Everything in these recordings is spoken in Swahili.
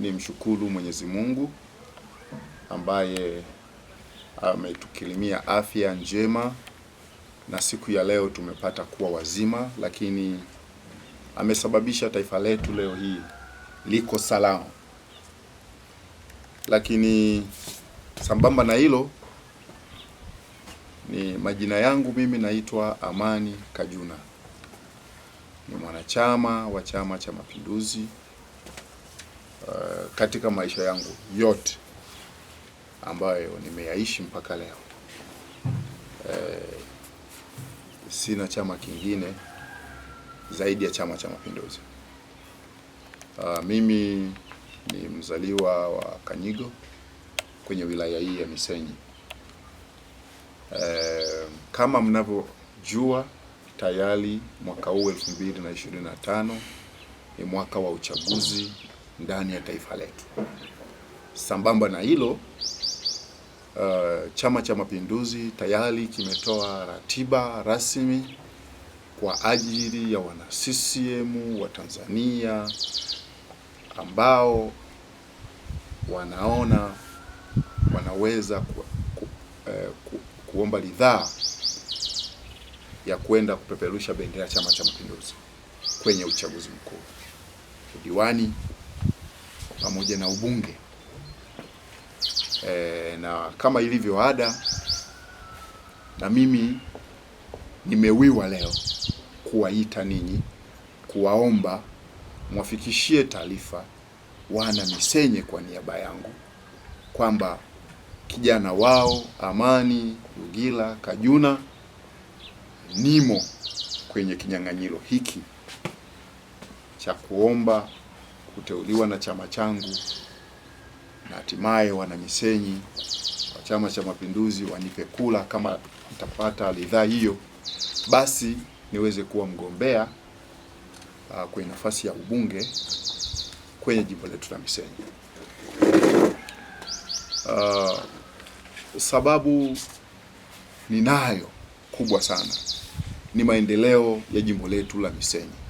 Ni mshukuru Mwenyezi Mungu ambaye ametukilimia afya njema na siku ya leo tumepata kuwa wazima, lakini amesababisha taifa letu leo hii liko salama. Lakini sambamba na hilo, ni majina yangu mimi naitwa Amani Kajuna, ni mwanachama wa Chama cha Mapinduzi. Uh, katika maisha yangu yote ambayo nimeyaishi mpaka leo uh, sina chama kingine zaidi ya Chama cha Mapinduzi. Uh, mimi ni mzaliwa wa Kanyigo kwenye wilaya hii ya Misenyi. Uh, kama mnavyojua tayari mwaka huu 2025 ni mwaka wa uchaguzi ndani ya taifa letu. Sambamba na hilo, uh, Chama cha Mapinduzi tayari kimetoa ratiba rasmi kwa ajili ya wana CCM wa Tanzania ambao wanaona wanaweza ku, ku, eh, ku, kuomba ridhaa ya kwenda kupeperusha bendera ya Chama cha Mapinduzi kwenye uchaguzi mkuu, udiwani pamoja na ubunge e, na kama ilivyo ada, na mimi nimewiwa leo kuwaita ninyi kuwaomba mwafikishie taarifa wana Misenye kwa niaba yangu kwamba kijana wao Amani ugila Kajuna nimo kwenye kinyang'anyiro hiki cha kuomba kuteuliwa na chama changu na hatimaye wanamisenyi wa Chama cha Mapinduzi wanipe kula kama nitapata ridhaa hiyo, basi niweze kuwa mgombea uh, kwenye nafasi ya ubunge kwenye jimbo letu la Misenyi. Uh, sababu ninayo kubwa sana ni maendeleo ya jimbo letu la Misenyi.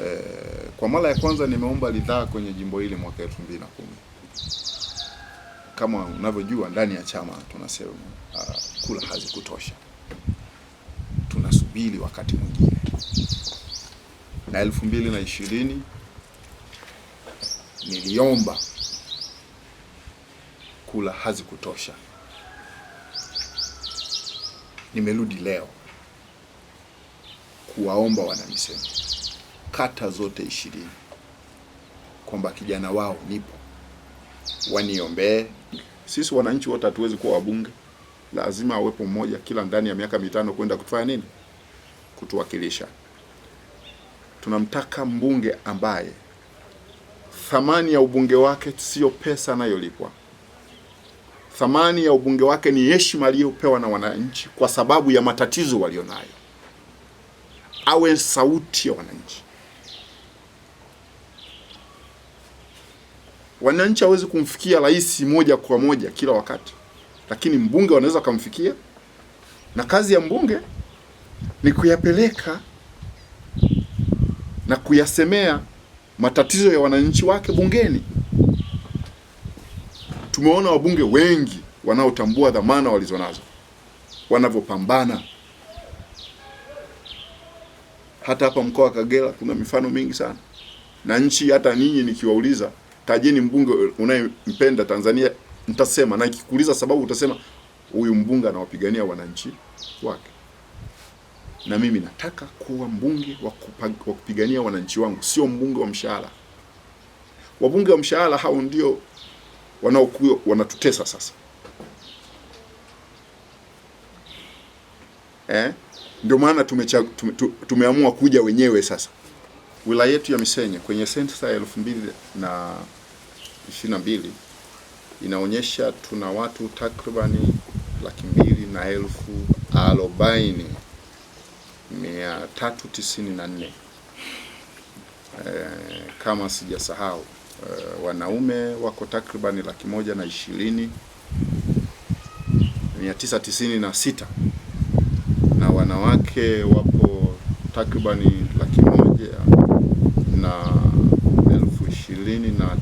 Eh, kwa mara ya kwanza nimeomba ridhaa kwenye jimbo hili mwaka 2010 kama unavyojua ndani ya chama tunasema uh, kula hazikutosha, tunasubiri wakati mwingine. Na elfu mbili na ishirini niliomba kula hazikutosha, nimerudi leo kuwaomba wanamisemi kata zote ishirini kwamba kijana wao nipo, waniombee. Sisi wananchi wote hatuwezi kuwa wabunge, lazima awepo mmoja kila ndani ya miaka mitano kwenda kutufanya nini, kutuwakilisha. Tunamtaka mbunge ambaye thamani ya ubunge wake sio pesa anayolipwa, thamani ya ubunge wake ni heshima aliyopewa na wananchi kwa sababu ya matatizo walionayo, awe sauti ya wananchi. Wananchi hawezi kumfikia rais moja kwa moja kila wakati, lakini mbunge wanaweza kumfikia, na kazi ya mbunge ni kuyapeleka na kuyasemea matatizo ya wananchi wake bungeni. Tumeona wabunge wengi wanaotambua dhamana walizonazo wanavyopambana. Hata hapa mkoa wa Kagera kuna mifano mingi sana, na nchi hata ninyi nikiwauliza tajeni mbunge unayempenda Tanzania, nitasema na ikikuuliza sababu utasema huyu mbunge anawapigania wananchi wake, na mimi nataka kuwa mbunge wa kupigania wananchi wangu, sio mbunge wa mshahara. Wabunge wa mshahara hao ndio wanaokuyo wanatutesa sasa eh? Ndio maana tumeamua tume, tumeamua kuja wenyewe sasa wilaya yetu ya misenye kwenye sensa ya elfu mbili na 22 inaonyesha tuna watu takribani laki mbili na elfu arobaini mia tatu tisini na nne e, kama sijasahau e, wanaume wako takribani laki moja na ishirini mia tisa tisini na sita na wanawake wapo takribani laki moja na elfu ishirini na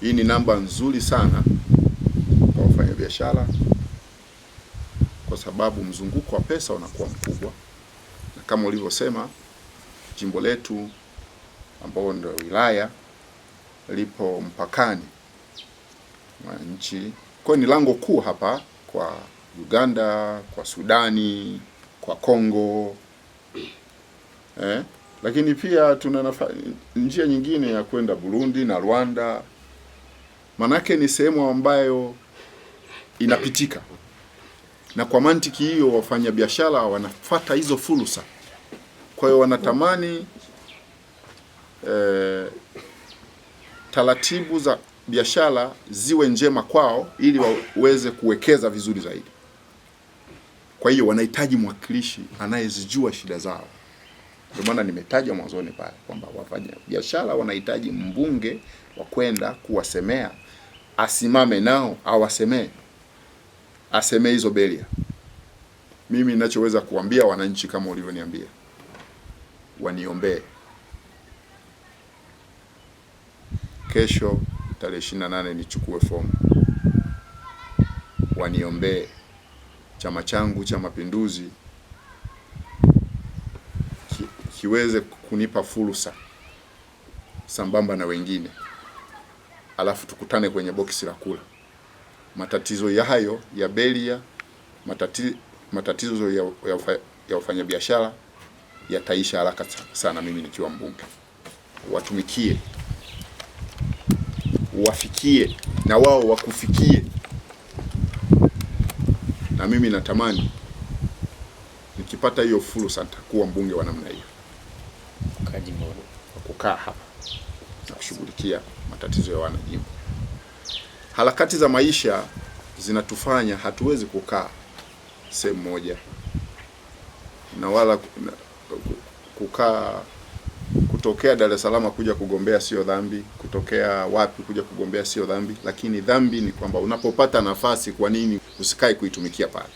Hii ni namba nzuri sana kwa wafanyabiashara, kwa sababu mzunguko wa pesa unakuwa mkubwa, na kama ulivyosema, jimbo letu ambao ndio wilaya lipo mpakani mwa nchi, kwa ni lango kuu hapa kwa Uganda, kwa Sudani, kwa Kongo eh? Lakini pia tuna njia nyingine ya kwenda Burundi na Rwanda Manake ni sehemu ambayo inapitika, na kwa mantiki hiyo wafanyabiashara wanafata hizo fursa. Kwa hiyo wanatamani eh, taratibu za biashara ziwe njema kwao ili waweze kuwekeza vizuri zaidi. Kwa hiyo wanahitaji mwakilishi anayezijua shida zao. Ndio maana nimetaja mwanzoni pale kwamba wafanya biashara wanahitaji mbunge wa kwenda kuwasemea asimame nao awasemee, asemee hizo belia. Mimi ninachoweza kuambia wananchi kama ulivyoniambia, waniombee kesho tarehe ishirini nane nichukue fomu, waniombee chama changu cha Mapinduzi kiweze kunipa fursa sambamba na wengine halafu tukutane kwenye boksi la kula. Matatizo hayo ya Beria, matatizo, matatizo ya, ya, ya wafanyabiashara yataisha haraka sana mimi nikiwa mbunge. Watumikie, wafikie na wao wakufikie. Na mimi natamani nikipata hiyo fursa nitakuwa mbunge wa namna hiyo, kukaa hapa kushughulikia matatizo ya wanajimbo. Harakati za maisha zinatufanya hatuwezi kukaa sehemu moja na wala kukaa kutokea Dar es Salaam kuja kugombea sio dhambi, kutokea wapi kuja kugombea sio dhambi, lakini dhambi ni kwamba unapopata nafasi, kwa nini usikae kuitumikia pale?